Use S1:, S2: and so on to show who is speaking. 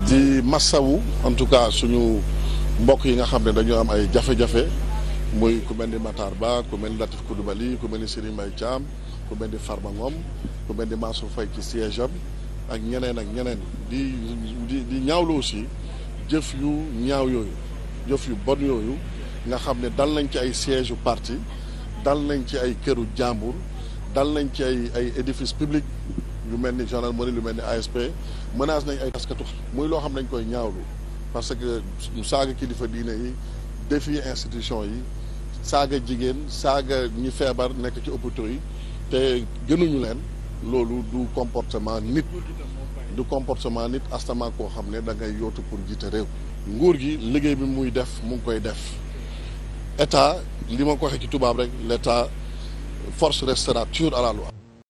S1: di massawu en tout cas suñu mbokk yi nga xam ne dañoo am ay jafe-jafe muy ku mel ni Matar Ba ku mel ni Latif Coulibaly ku mel ni Serigne Mbaye Thiam ku mel ni Farba Ngom ku mel ni Mansour Faye ci siège am ak ñeneen ak ñeneen di di di aussi jëf yu ñaaw yooyu jëf yu bon yooyu nga xam ne dal nañ ci ay siège yu parti dal nañ ci ay këru jàmbur dal nañ ci ay ay édifice public yu mel ni gendarmerie lu mel ni ASP menace nañ ay tox muy loo xam nañ koy ñaawlu parce que saaga kilifa diine yi défi institution yi saaga jigéen saaga ñi feebar nekk ci hôpitaux yi te gënuñu leen loolu du comportement nit du comportement nit astama koo xam ne da ngay yootu pour jiite réew nguur gi liggéey bi muy def mu ngi koy def état li ma ko waxee ci tubaab rek l' état force restera toujours à la